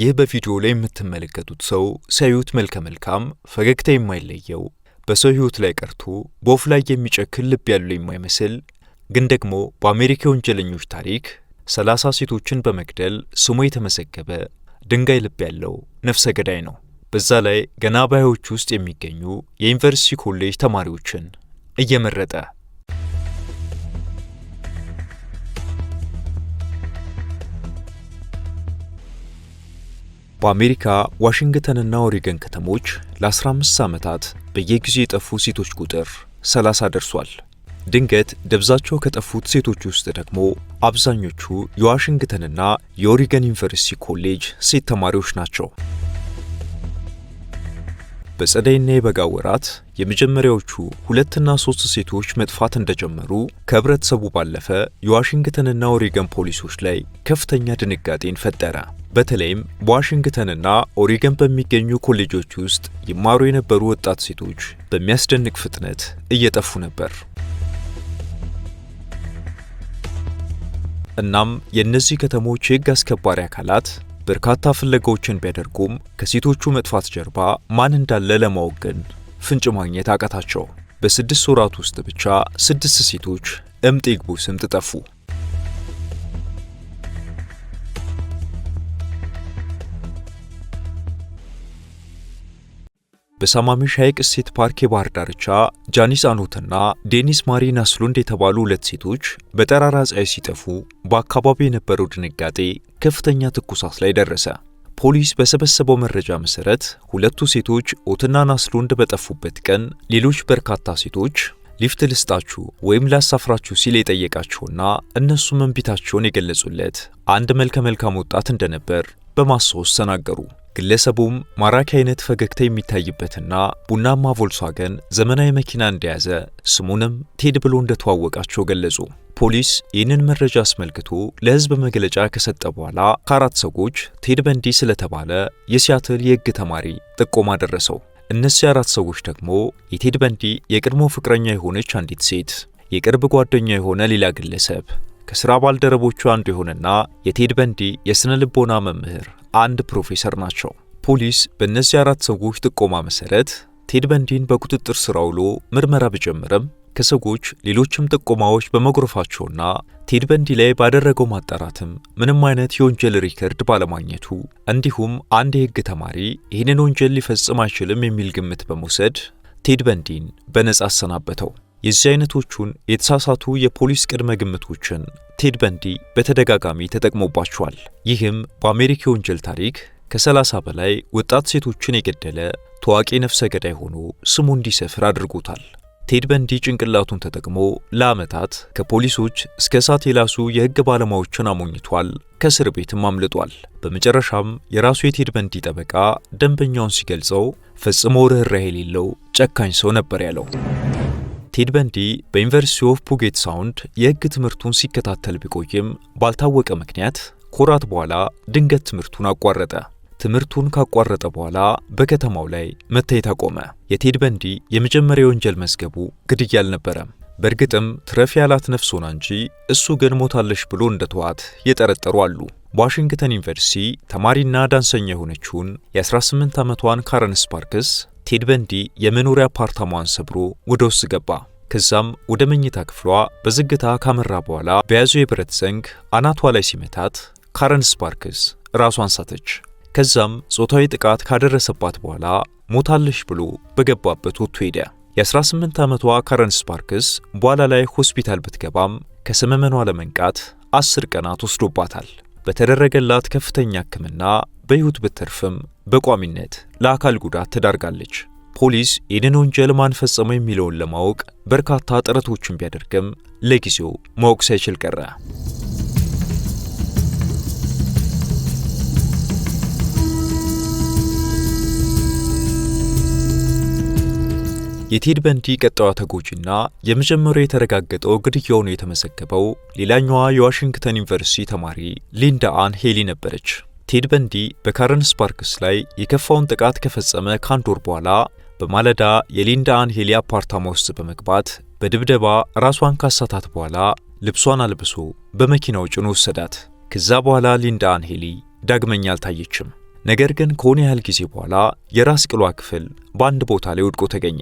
ይህ በቪዲዮ ላይ የምትመለከቱት ሰው ሲያዩት መልከ መልካም ፈገግታ የማይለየው በሰው ሕይወት ላይ ቀርቶ በወፍ ላይ የሚጨክል ልብ ያለው የማይመስል ግን ደግሞ በአሜሪካ ወንጀለኞች ታሪክ ሰላሳ ሴቶችን በመግደል ስሙ የተመዘገበ ድንጋይ ልብ ያለው ነፍሰ ገዳይ ነው። በዛ ላይ ገና ባዮች ውስጥ የሚገኙ የዩኒቨርሲቲ ኮሌጅ ተማሪዎችን እየመረጠ በአሜሪካ ዋሽንግተንና ኦሪገን ከተሞች ለ15 ዓመታት በየጊዜው የጠፉ ሴቶች ቁጥር 30 ደርሷል። ድንገት ደብዛቸው ከጠፉት ሴቶች ውስጥ ደግሞ አብዛኞቹ የዋሽንግተንና የኦሪገን ዩኒቨርሲቲ ኮሌጅ ሴት ተማሪዎች ናቸው። በጸደይና የበጋ ወራት የመጀመሪያዎቹ ሁለትና ሶስት ሴቶች መጥፋት እንደጀመሩ ከህብረተሰቡ ባለፈ የዋሽንግተንና ኦሪገን ፖሊሶች ላይ ከፍተኛ ድንጋጤን ፈጠረ። በተለይም በዋሽንግተንና ኦሪገን በሚገኙ ኮሌጆች ውስጥ ይማሩ የነበሩ ወጣት ሴቶች በሚያስደንቅ ፍጥነት እየጠፉ ነበር። እናም የእነዚህ ከተሞች የሕግ አስከባሪ አካላት በርካታ ፍለጋዎችን ቢያደርጉም ከሴቶቹ መጥፋት ጀርባ ማን እንዳለ ለማወቅ ግን ፍንጭ ማግኘት አቃታቸው። በስድስት ወራት ውስጥ ብቻ ስድስት ሴቶች እምጥ ይግቡ ስምጥ ጠፉ። በሳማሚ ሻይቅ ስቴት ፓርክ የባህር ዳርቻ ጃኒስ አኖትና ዴኒስ ማሪ ናስሉንድ የተባሉ ሁለት ሴቶች በጠራራ ፀሐይ ሲጠፉ በአካባቢው የነበረው ድንጋጤ ከፍተኛ ትኩሳት ላይ ደረሰ። ፖሊስ በሰበሰበው መረጃ መሰረት ሁለቱ ሴቶች ኦትና ናስሉንድ በጠፉበት ቀን ሌሎች በርካታ ሴቶች ሊፍት ልስጣችሁ ወይም ላሳፍራችሁ ሲል የጠየቃቸውና እነሱም መንቢታቸውን የገለጹለት አንድ መልከ መልካም ወጣት እንደነበር በማስታወስ ተናገሩ። ግለሰቡም ማራኪ አይነት ፈገግታ የሚታይበትና ቡናማ ቮልስዋገን ዘመናዊ መኪና እንደያዘ ስሙንም ቴድ ብሎ እንደተዋወቃቸው ገለጹ። ፖሊስ ይህንን መረጃ አስመልክቶ ለሕዝብ መግለጫ ከሰጠ በኋላ ከአራት ሰዎች ቴድ በንዲ ስለተባለ የሲያትል የሕግ ተማሪ ጥቆማ ደረሰው። እነዚህ አራት ሰዎች ደግሞ የቴድ በንዲ የቅድሞ ፍቅረኛ የሆነች አንዲት ሴት፣ የቅርብ ጓደኛ የሆነ ሌላ ግለሰብ፣ ከሥራ ባልደረቦቹ አንዱ የሆነና የቴድ በንዲ የሥነ ልቦና መምህር አንድ ፕሮፌሰር ናቸው። ፖሊስ በእነዚህ አራት ሰዎች ጥቆማ መሰረት ቴድ በንዲን በቁጥጥር ስር አውሎ ምርመራ ቢጀምርም ከሰዎች ሌሎችም ጥቆማዎች በመጎረፋቸውና ቴድ በንዲ ላይ ባደረገው ማጣራትም ምንም አይነት የወንጀል ሪከርድ ባለማግኘቱ እንዲሁም አንድ የህግ ተማሪ ይህንን ወንጀል ሊፈጽም አይችልም የሚል ግምት በመውሰድ ቴድ በንዲን በነጻ አሰናበተው። የዚህ አይነቶቹን የተሳሳቱ የፖሊስ ቅድመ ግምቶችን ቴድ በንዲ በተደጋጋሚ ተጠቅሞባቸዋል። ይህም በአሜሪካ የወንጀል ታሪክ ከ30 በላይ ወጣት ሴቶችን የገደለ ታዋቂ ነፍሰ ገዳይ ሆኖ ስሙ እንዲሰፍር አድርጎታል። ቴድ በንዲ ጭንቅላቱን ተጠቅሞ ለዓመታት ከፖሊሶች እስከ እሳት የላሱ የሕግ ባለሙያዎችን አሞኝቷል። ከእስር ቤትም አምልጧል። በመጨረሻም የራሱ የቴድ በንዲ ጠበቃ ደንበኛውን ሲገልጸው ፈጽሞ ርኅራኄ የሌለው ጨካኝ ሰው ነበር ያለው። ቴድ በንዲ በዩኒቨርሲቲ ኦፍ ፑጌት ሳውንድ የህግ ትምህርቱን ሲከታተል ቢቆይም ባልታወቀ ምክንያት ኮራት በኋላ ድንገት ትምህርቱን አቋረጠ። ትምህርቱን ካቋረጠ በኋላ በከተማው ላይ መታየት አቆመ። የቴድ በንዲ የመጀመሪያ የወንጀል መዝገቡ ግድያ አልነበረም። በእርግጥም ትረፍ ያላት ነፍስ ሆና እንጂ እሱ ግን ሞታለች ብሎ ተዋት የጠረጠሩ አሉ። በዋሽንግተን ዩኒቨርሲቲ ተማሪና ዳንሰኛ የሆነችውን የ18 ዓመቷን ካረን ስፓርክስ ቴድ በንዲ የመኖሪያ አፓርታማዋን ሰብሮ ወደ ውስጥ ገባ። ከዛም ወደ መኝታ ክፍሏ በዝግታ ካመራ በኋላ በያዘው የብረት ዘንግ አናቷ ላይ ሲመታት ካረን ስፓርክስ ራሷን ሳተች። ከዛም ጾታዊ ጥቃት ካደረሰባት በኋላ ሞታለሽ ብሎ በገባበት ወጥቶ ሄደ። የ18 ዓመቷ ካረን ስፓርክስ በኋላ ላይ ሆስፒታል ብትገባም ከሰመመኗ ለመንቃት 10 ቀናት ወስዶባታል። በተደረገላት ከፍተኛ ሕክምና በሕይወት ብትርፍም፣ በቋሚነት ለአካል ጉዳት ተዳርጋለች። ፖሊስ ይህንን ወንጀል ማን ፈጸመው የሚለውን ለማወቅ በርካታ ጥረቶችን ቢያደርግም ለጊዜው ማወቅ ሳይችል ቀረ። የቴድ በንዲ ቀጣዩ ተጎጂና የመጀመሪያው የተረጋገጠው ግድያው ነው የተመዘገበው ሌላኛዋ የዋሽንግተን ዩኒቨርሲቲ ተማሪ ሊንዳ አን ሄሊ ነበረች። ቴድ በንዲ በካረን ስፓርክስ ላይ የከፋውን ጥቃት ከፈጸመ ከአንድ ወር በኋላ በማለዳ የሊንዳ አንሄሊ አፓርታማ ውስጥ በመግባት በድብደባ ራሷን ካሳታት በኋላ ልብሷን አልብሶ በመኪናው ጭኖ ወሰዳት። ከዛ በኋላ ሊንዳ አንሄሊ ዳግመኛ አልታየችም። ነገር ግን ከሆነ ያህል ጊዜ በኋላ የራስ ቅሏ ክፍል በአንድ ቦታ ላይ ወድቆ ተገኘ።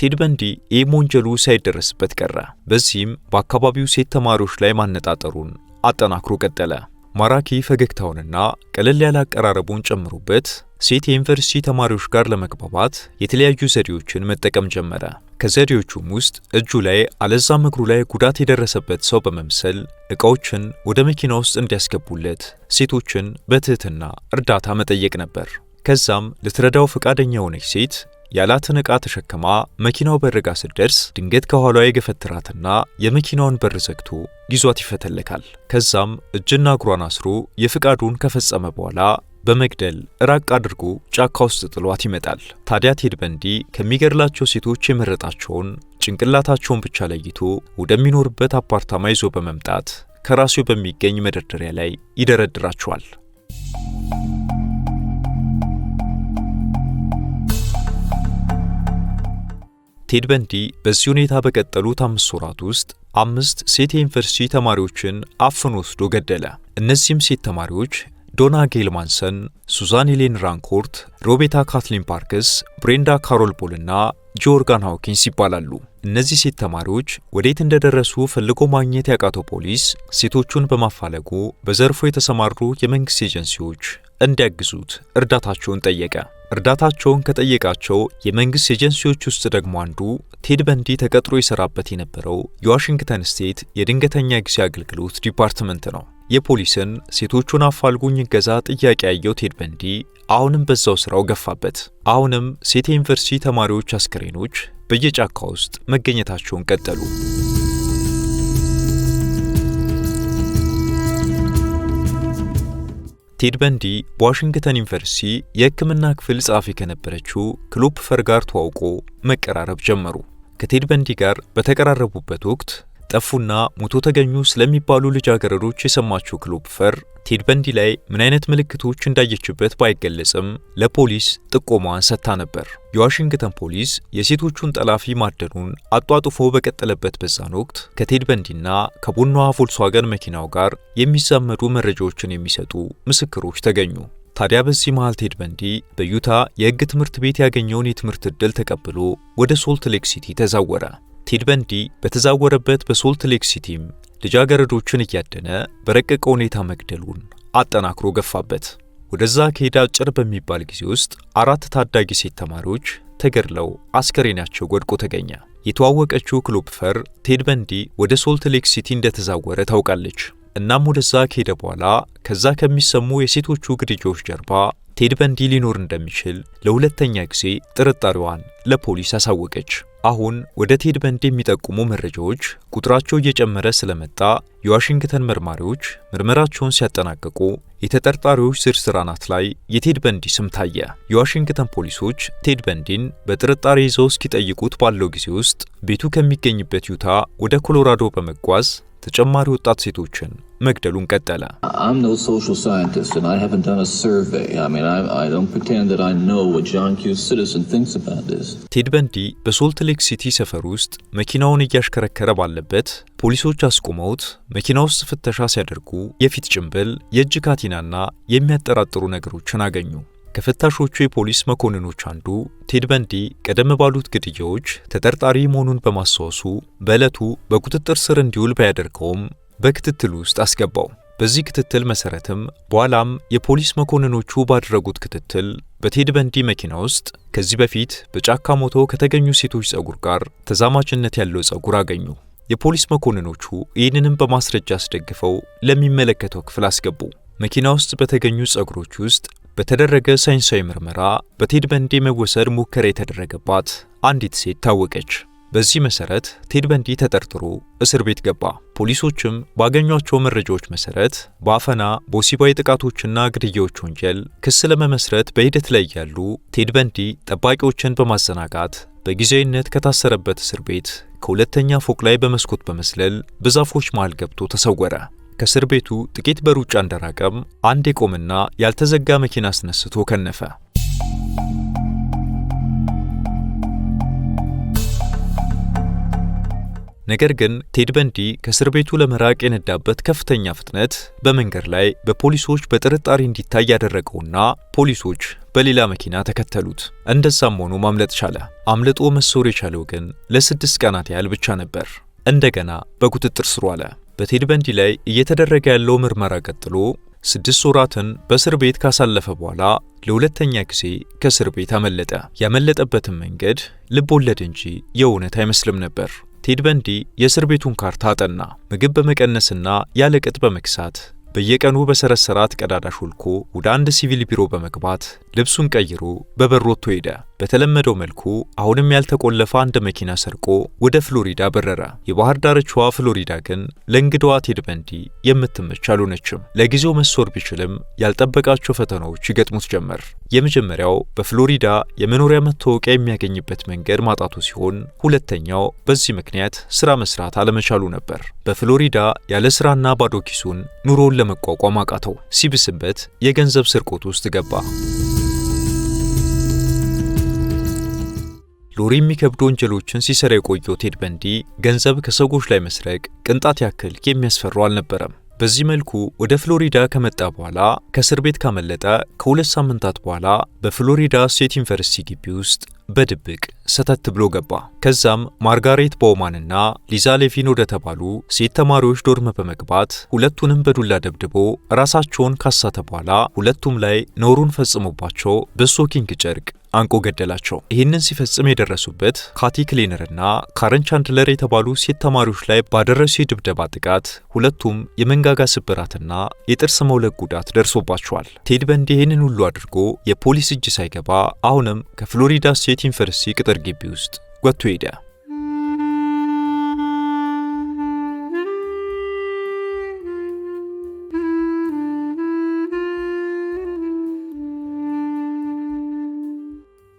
ቴድ በንዲ ይህም ወንጀሉ ሳይደረስበት ቀረ። በዚህም በአካባቢው ሴት ተማሪዎች ላይ ማነጣጠሩን አጠናክሮ ቀጠለ። ማራኪ ፈገግታውንና ቀለል ያለ አቀራረቡን ጨምሩበት ሴት የዩኒቨርሲቲ ተማሪዎች ጋር ለመግባባት የተለያዩ ዘዴዎችን መጠቀም ጀመረ። ከዘዴዎቹም ውስጥ እጁ ላይ አለዛም እግሩ ላይ ጉዳት የደረሰበት ሰው በመምሰል እቃዎችን ወደ መኪና ውስጥ እንዲያስገቡለት ሴቶችን በትህትና እርዳታ መጠየቅ ነበር። ከዛም ልትረዳው ፈቃደኛ የሆነች ሴት ያላትን ዕቃ ተሸክማ መኪናው በር ስደርስ፣ ስትደርስ ድንገት ከኋሏ የገፈትራትና የመኪናውን በር ዘግቶ ይዟት ይፈተልካል። ከዛም እጅና እግሯን አስሮ የፍቃዱን ከፈጸመ በኋላ በመግደል ራቅ አድርጎ ጫካ ውስጥ ጥሏት ይመጣል። ታዲያ ቴድ በንዲ ከሚገድላቸው ሴቶች የመረጣቸውን ጭንቅላታቸውን ብቻ ለይቶ ወደሚኖርበት አፓርታማ ይዞ በመምጣት ከራሴው በሚገኝ መደርደሪያ ላይ ይደረድራቸዋል። ቴድ በንዲ በዚህ ሁኔታ በቀጠሉት አምስት ወራት ውስጥ አምስት ሴት የዩኒቨርሲቲ ተማሪዎችን አፍኖ ወስዶ ገደለ። እነዚህም ሴት ተማሪዎች ዶና ጌል ማንሰን፣ ሱዛን ሄሌን ራንኮርት፣ ሮቤታ ካትሊን ፓርክስ፣ ብሬንዳ ካሮል ቦል እና ጆርጋን ሃውኪንስ ይባላሉ። እነዚህ ሴት ተማሪዎች ወዴት እንደደረሱ ፈልጎ ማግኘት ያቃተው ፖሊስ ሴቶቹን በማፋለጉ በዘርፉ የተሰማሩ የመንግሥት ኤጀንሲዎች እንዲያግዙት እርዳታቸውን ጠየቀ። እርዳታቸውን ከጠየቃቸው የመንግሥት ኤጀንሲዎች ውስጥ ደግሞ አንዱ ቴድ በንዲ ተቀጥሮ የሰራበት የነበረው የዋሽንግተን ስቴት የድንገተኛ ጊዜ አገልግሎት ዲፓርትመንት ነው። የፖሊስን ሴቶቹን አፋልጉኝ እገዛ ጥያቄ ያየው ቴድ በንዲ አሁንም በዛው ስራው ገፋበት። አሁንም ሴት ዩኒቨርሲቲ ተማሪዎች አስከሬኖች በየጫካ ውስጥ መገኘታቸውን ቀጠሉ። ቴድ በንዲ በዋሽንግተን ዩኒቨርሲቲ የሕክምና ክፍል ጸሐፊ ከነበረችው ክሎፕፈር ጋር ተዋውቆ መቀራረብ ጀመሩ። ከቴድ በንዲ ጋር በተቀራረቡበት ወቅት ጠፉና ሞቶ ተገኙ ስለሚባሉ ልጃገረዶች የሰማችው ክሎፕፈር ቴድ በንዲ ላይ ምን አይነት ምልክቶች እንዳየችበት ባይገለጽም ለፖሊስ ጥቆማ ሰጥታ ነበር። የዋሽንግተን ፖሊስ የሴቶቹን ጠላፊ ማደኑን አጧጡፎ በቀጠለበት በዛን ወቅት ከቴድ በንዲና ከቡናዋ ቮልስዋገን መኪናው ጋር የሚዛመዱ መረጃዎችን የሚሰጡ ምስክሮች ተገኙ። ታዲያ በዚህ መሃል ቴድ በንዲ በዩታ የሕግ ትምህርት ቤት ያገኘውን የትምህርት ዕድል ተቀብሎ ወደ ሶልት ሌክ ሲቲ ተዛወረ። ቴድ በንዲ በተዛወረበት በሶልት ሌክ ሲቲም ልጃገረዶችን እያደነ በረቀቀ ሁኔታ መግደሉን አጠናክሮ ገፋበት። ወደዛ ከሄደ አጭር በሚባል ጊዜ ውስጥ አራት ታዳጊ ሴት ተማሪዎች ተገድለው አስከሬናቸው ወድቆ ተገኘ። የተዋወቀችው ክሎፕፈር ቴድ በንዲ ወደ ሶልት ሌክ ሲቲ እንደተዛወረ ታውቃለች። እናም ወደዛ ከሄደ በኋላ ከዛ ከሚሰሙ የሴቶቹ ግድያዎች ጀርባ ቴድ በንዲ ሊኖር እንደሚችል ለሁለተኛ ጊዜ ጥርጣሬዋን ለፖሊስ አሳወቀች። አሁን ወደ ቴድ በንድ የሚጠቁሙ መረጃዎች ቁጥራቸው እየጨመረ ስለመጣ የዋሽንግተን መርማሪዎች ምርመራቸውን ሲያጠናቅቁ የተጠርጣሪዎች ዝርዝር አናት ላይ የቴድ በንዲ ስም ታየ። የዋሽንግተን ፖሊሶች ቴድ በንዲን በጥርጣሬ ይዘው እስኪጠይቁት ባለው ጊዜ ውስጥ ቤቱ ከሚገኝበት ዩታ ወደ ኮሎራዶ በመጓዝ ተጨማሪ ወጣት ሴቶችን መግደሉን ቀጠለ። ቴድ በንዲ በሶልት ሌክ ሲቲ ሰፈር ውስጥ መኪናውን እያሽከረከረ ባለበት ፖሊሶች አስቆመውት መኪና ውስጥ ፍተሻ ሲያደርጉ የፊት ጭንብል፣ የእጅ ካቲናና የሚያጠራጥሩ ነገሮችን አገኙ። ከፈታሾቹ የፖሊስ መኮንኖች አንዱ ቴድ በንዲ ቀደም ባሉት ግድያዎች ተጠርጣሪ መሆኑን በማስታወሱ በዕለቱ በቁጥጥር ስር እንዲውል ባያደርገውም በክትትል ውስጥ አስገባው። በዚህ ክትትል መሰረትም በኋላም የፖሊስ መኮንኖቹ ባደረጉት ክትትል በቴድ በንዲ መኪና ውስጥ ከዚህ በፊት በጫካ ሞቶ ከተገኙ ሴቶች ጸጉር ጋር ተዛማችነት ያለው ጸጉር አገኙ። የፖሊስ መኮንኖቹ ይህንንም በማስረጃ አስደግፈው ለሚመለከተው ክፍል አስገቡ። መኪና ውስጥ በተገኙ ጸጉሮች ውስጥ በተደረገ ሳይንሳዊ ምርመራ በቴድ በንዲ መወሰድ ሙከራ የተደረገባት አንዲት ሴት ታወቀች። በዚህ መሰረት ቴድ በንዲ ተጠርጥሮ እስር ቤት ገባ። ፖሊሶችም ባገኟቸው መረጃዎች መሰረት በአፈና በወሲባዊ ጥቃቶችና ግድያዎች ወንጀል ክስ ለመመስረት በሂደት ላይ ያሉ ቴድ በንዲ ጠባቂዎችን በማዘናጋት በጊዜያዊነት ከታሰረበት እስር ቤት ከሁለተኛ ፎቅ ላይ በመስኮት በመስለል በዛፎች መሃል ገብቶ ተሰወረ። ከእስር ቤቱ ጥቂት በሩጫ እንደራቀም አንድ የቆመና ያልተዘጋ መኪና አስነስቶ ከነፈ። ነገር ግን ቴድ በንዲ ከእስር ቤቱ ለመራቅ የነዳበት ከፍተኛ ፍጥነት በመንገድ ላይ በፖሊሶች በጥርጣሬ እንዲታይ ያደረገውና ፖሊሶች በሌላ መኪና ተከተሉት። እንደዛም ሆኖ ማምለጥ ቻለ። አምልጦ መሰወር የቻለው ግን ለስድስት ቀናት ያህል ብቻ ነበር። እንደገና በቁጥጥር ስር ዋለ። በቴድ በንዲ ላይ እየተደረገ ያለው ምርመራ ቀጥሎ ስድስት ወራትን በእስር ቤት ካሳለፈ በኋላ ለሁለተኛ ጊዜ ከእስር ቤት አመለጠ። ያመለጠበትን መንገድ ልብ ወለድ እንጂ የእውነት አይመስልም ነበር። ቴድ በንዲ የእስር ቤቱን ካርታ አጠና። ምግብ በመቀነስና ያለ ቅጥ በመክሳት በየቀኑ በሰረሰራት ቀዳዳ ሾልኮ ወደ አንድ ሲቪል ቢሮ በመግባት ልብሱን ቀይሮ በበሮቶ ሄደ። በተለመደው መልኩ አሁንም ያልተቆለፈ አንድ መኪና ሰርቆ ወደ ፍሎሪዳ በረረ። የባህር ዳርቻዋ ፍሎሪዳ ግን ለእንግዳዋ ቴድ በንዲ የምትመች አልሆነችም። ለጊዜው መሶር ቢችልም ያልጠበቃቸው ፈተናዎች ይገጥሙት ጀመር። የመጀመሪያው በፍሎሪዳ የመኖሪያ መታወቂያ የሚያገኝበት መንገድ ማጣቱ ሲሆን፣ ሁለተኛው በዚህ ምክንያት ስራ መስራት አለመቻሉ ነበር። በፍሎሪዳ ያለ ስራና ባዶ ኪሱን ኑሮውን ለመቋቋም አቃተው። ሲብስበት የገንዘብ ስርቆት ውስጥ ገባ። ሎሪ የሚከብዱ ወንጀሎችን ሲሰራ የቆየው ቴድ በንዲ ገንዘብ ከሰዎች ላይ መስረቅ ቅንጣት ያክል የሚያስፈሩ አልነበረም። በዚህ መልኩ ወደ ፍሎሪዳ ከመጣ በኋላ ከእስር ቤት ካመለጠ ከሁለት ሳምንታት በኋላ በፍሎሪዳ ስቴት ዩኒቨርሲቲ ግቢ ውስጥ በድብቅ ሰተት ብሎ ገባ። ከዛም ማርጋሬት ቦውማንና ሊዛ ሌቪን ወደ ተባሉ ሴት ተማሪዎች ዶርመ በመግባት ሁለቱንም በዱላ ደብድቦ ራሳቸውን ካሳተ በኋላ ሁለቱም ላይ ነውሩን ፈጽሞባቸው በሶኪንግ ጨርቅ አንቆ ገደላቸው። ይህንን ሲፈጽም የደረሱበት ካቲ ክሊነርና ካረን ቻንድለር የተባሉ ሴት ተማሪዎች ላይ ባደረሱ የድብደባ ጥቃት ሁለቱም የመንጋጋ ስብራትና የጥርስ መውለቅ ጉዳት ደርሶባቸዋል። ቴድ በንዲ ይህንን ሁሉ አድርጎ የፖሊስ እጅ ሳይገባ አሁንም ከፍሎሪዳ ስቴት ዩኒቨርሲቲ ቅጥር ግቢ ውስጥ ወጥቶ ሄደ።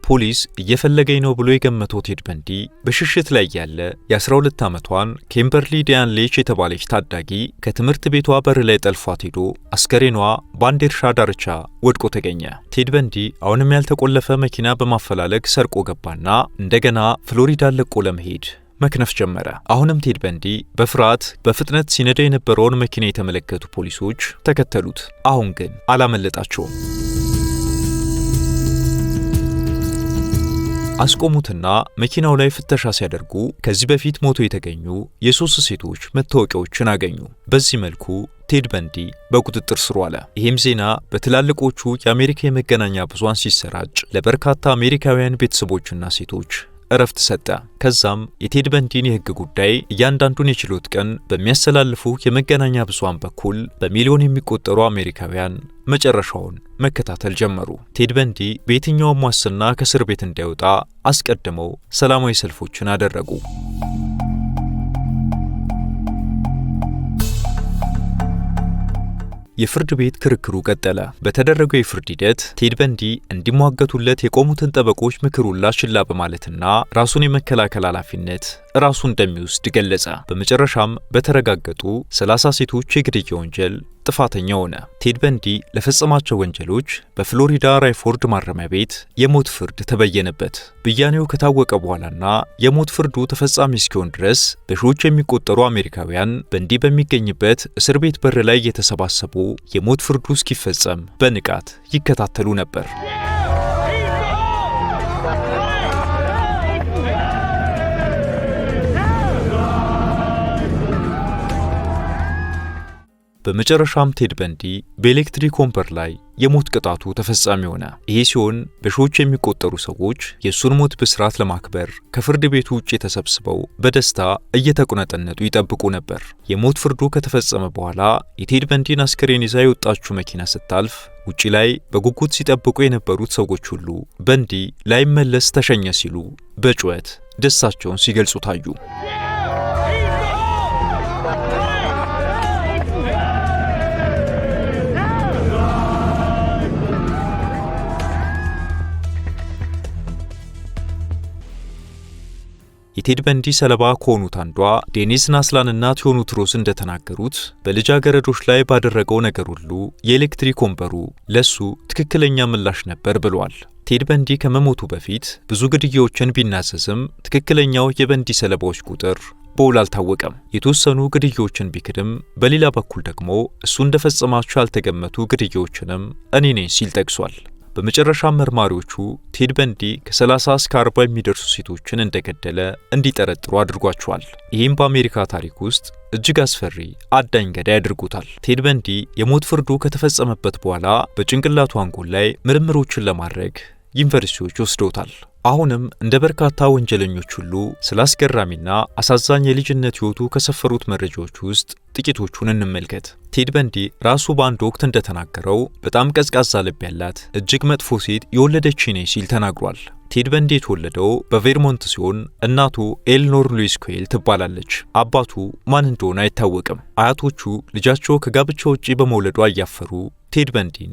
ፖሊስ እየፈለገኝ ነው ብሎ የገመተው ቴድ በንዲ በሽሽት ላይ ያለ የ12 ዓመቷን ኬምበርሊ ሌች የተባለች ታዳጊ ከትምህርት ቤቷ በር ላይ ጠልፏት ሄዶ አስከሬኗ በአንድ እርሻ ዳርቻ ወድቆ ተገኘ። ቴድ በንዲ አሁንም ያልተቆለፈ መኪና በማፈላለግ ሰርቆ ገባና እንደገና ፍሎሪዳ ለቆ ለመሄድ መክነፍ ጀመረ። አሁንም ቴድ በንዲ በፍርሃት በፍጥነት ሲነዳ የነበረውን መኪና የተመለከቱ ፖሊሶች ተከተሉት። አሁን ግን አላመለጣቸውም። አስቆሙትና መኪናው ላይ ፍተሻ ሲያደርጉ ከዚህ በፊት ሞቶ የተገኙ የሶስት ሴቶች መታወቂያዎችን አገኙ። በዚህ መልኩ ቴድ በንዲ በቁጥጥር ስር ዋለ። ይህም ዜና በትላልቆቹ የአሜሪካ የመገናኛ ብዙሃን ሲሰራጭ ለበርካታ አሜሪካውያን ቤተሰቦችና ሴቶች እረፍት ሰጠ። ከዛም የቴድ በንዲን የህግ ጉዳይ እያንዳንዱን የችሎት ቀን በሚያስተላልፉ የመገናኛ ብዙሃን በኩል በሚሊዮን የሚቆጠሩ አሜሪካውያን መጨረሻውን መከታተል ጀመሩ። ቴድ በንዲ በየትኛውም ዋስና ከእስር ቤት እንዳይወጣ አስቀድመው ሰላማዊ ሰልፎችን አደረጉ። የፍርድ ቤት ክርክሩ ቀጠለ። በተደረገው የፍርድ ሂደት ቴድ በንዲ እንዲሟገቱለት የቆሙትን ጠበቆች ምክሩላ ሽላ በማለትና ራሱን የመከላከል ኃላፊነት ራሱ እንደሚወስድ ገለጸ። በመጨረሻም በተረጋገጡ 30 ሴቶች የግድያ ወንጀል ጥፋተኛ ሆነ። ቴድ በንዲ ለፈጸማቸው ወንጀሎች በፍሎሪዳ ራይፎርድ ማረሚያ ቤት የሞት ፍርድ ተበየነበት። ብያኔው ከታወቀ በኋላና የሞት ፍርዱ ተፈጻሚ እስኪሆን ድረስ በሺዎች የሚቆጠሩ አሜሪካውያን በንዲ በሚገኝበት እስር ቤት በር ላይ የተሰባሰቡ የሞት ፍርዱ እስኪፈጸም በንቃት ይከታተሉ ነበር። በመጨረሻም ቴድ በንዲ በኤሌክትሪክ ወንበር ላይ የሞት ቅጣቱ ተፈጻሚ ሆነ። ይህ ሲሆን በሺዎች የሚቆጠሩ ሰዎች የእሱን ሞት በስርዓት ለማክበር ከፍርድ ቤቱ ውጭ ተሰብስበው በደስታ እየተቁነጠነጡ ይጠብቁ ነበር። የሞት ፍርዱ ከተፈጸመ በኋላ የቴድ በንዲን አስከሬን ይዛ የወጣችው መኪና ስታልፍ ውጪ ላይ በጉጉት ሲጠብቁ የነበሩት ሰዎች ሁሉ በንዲ ላይመለስ ተሸኘ ሲሉ በጩኸት ደስታቸውን ሲገልጹ ታዩ። የቴድ በንዲ ሰለባ ከሆኑት አንዷ ዴኒስ ናስላንና ቴዎኑትሮስ እንደተናገሩት በልጃገረዶች ላይ ባደረገው ነገር ሁሉ የኤሌክትሪክ ወንበሩ ለሱ ትክክለኛ ምላሽ ነበር ብሏል። ቴድ በንዲ ከመሞቱ በፊት ብዙ ግድያዎችን ቢናዘዝም ትክክለኛው የበንዲ ሰለባዎች ቁጥር በውል አልታወቀም። የተወሰኑ ግድያዎችን ቢክድም፣ በሌላ በኩል ደግሞ እሱ እንደፈጸማቸው ያልተገመቱ ግድያዎችንም እኔ ነኝ ሲል ጠቅሷል። በመጨረሻ መርማሪዎቹ ቴድ በንዲ ከ30 እስከ 40 የሚደርሱ ሴቶችን እንደገደለ እንዲጠረጥሩ አድርጓቸዋል። ይህም በአሜሪካ ታሪክ ውስጥ እጅግ አስፈሪ አዳኝ ገዳይ ያደርጉታል። ቴድ በንዲ የሞት ፍርዱ ከተፈጸመበት በኋላ በጭንቅላቱ አንጎል ላይ ምርምሮችን ለማድረግ ዩኒቨርሲቲዎች ወስደውታል። አሁንም እንደ በርካታ ወንጀለኞች ሁሉ ስለ አስገራሚና አሳዛኝ የልጅነት ሕይወቱ ከሰፈሩት መረጃዎች ውስጥ ጥቂቶቹን እንመልከት። ቴድ በንዲ ራሱ በአንድ ወቅት እንደተናገረው በጣም ቀዝቃዛ ልብ ያላት እጅግ መጥፎ ሴት የወለደች ነኝ ሲል ተናግሯል። ቴድ በንዲ የተወለደው በቬርሞንት ሲሆን እናቱ ኤልኖር ሉዊስ ኮይል ትባላለች። አባቱ ማን እንደሆነ አይታወቅም። አያቶቹ ልጃቸው ከጋብቻ ውጪ በመውለዷ እያፈሩ ቴድ በንዲን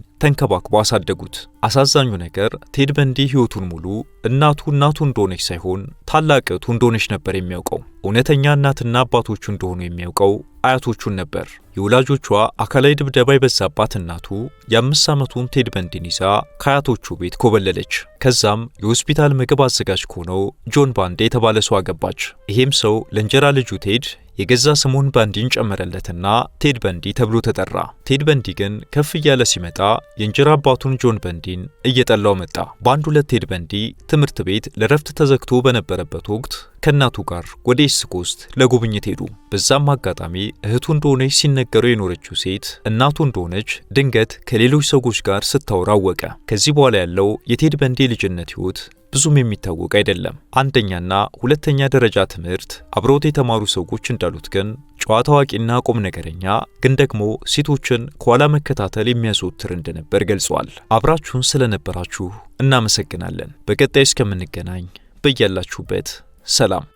አሳደጉት። አሳዛኙ ነገር ቴድ በንዲ ሕይወቱን ሙሉ እናቱ እናቱ እንደሆነች ሳይሆን ታላቅቱ እንደሆነች ነበር የሚያውቀው። እውነተኛ እናትና አባቶቹ እንደሆኑ የሚያውቀው አያቶቹን ነበር። የወላጆቿ አካላዊ ድብደባ የበዛባት እናቱ የአምስት ዓመቱን ቴድ በንዲን ይዛ ከአያቶቹ ቤት ኮበለለች። ከዛም የሆስፒታል ምግብ አዘጋጅ ከሆነው ጆን ባንዴ የተባለ ሰው አገባች። ይሄም ሰው ለእንጀራ ልጁ ቴድ የገዛ ስሙን ባንዲን ጨመረለትና ቴድ በንዲ ተብሎ ተጠራ። ቴድ በንዲ ግን ከፍ እያለ ሲመጣ የእንጀራ አባቱን ጆን በንዲን እየጠላው መጣ። በአንድ ሁለት ቴድ በንዲ ትምህርት ቤት ለረፍት ተዘግቶ በነበረበት ወቅት ከእናቱ ጋር ወደ ኢስኮስት ለጉብኝት ሄዱ። በዛም አጋጣሚ እህቱ እንደሆነች ሲነገረው የኖረችው ሴት እናቱ እንደሆነች ድንገት ከሌሎች ሰዎች ጋር ስታወራ አወቀ። ከዚህ በኋላ ያለው የቴድ በንዴ ልጅነት ሕይወት ብዙም የሚታወቅ አይደለም። አንደኛና ሁለተኛ ደረጃ ትምህርት አብረውት የተማሩ ሰዎች እንዳሉት ግን ጨዋ ታዋቂና ቁም ነገረኛ ግን ደግሞ ሴቶችን ከኋላ መከታተል የሚያዘወትር እንደነበር ገልጿል። አብራችሁን ስለነበራችሁ እናመሰግናለን። በቀጣይ እስከምንገናኝ በያላችሁበት سلام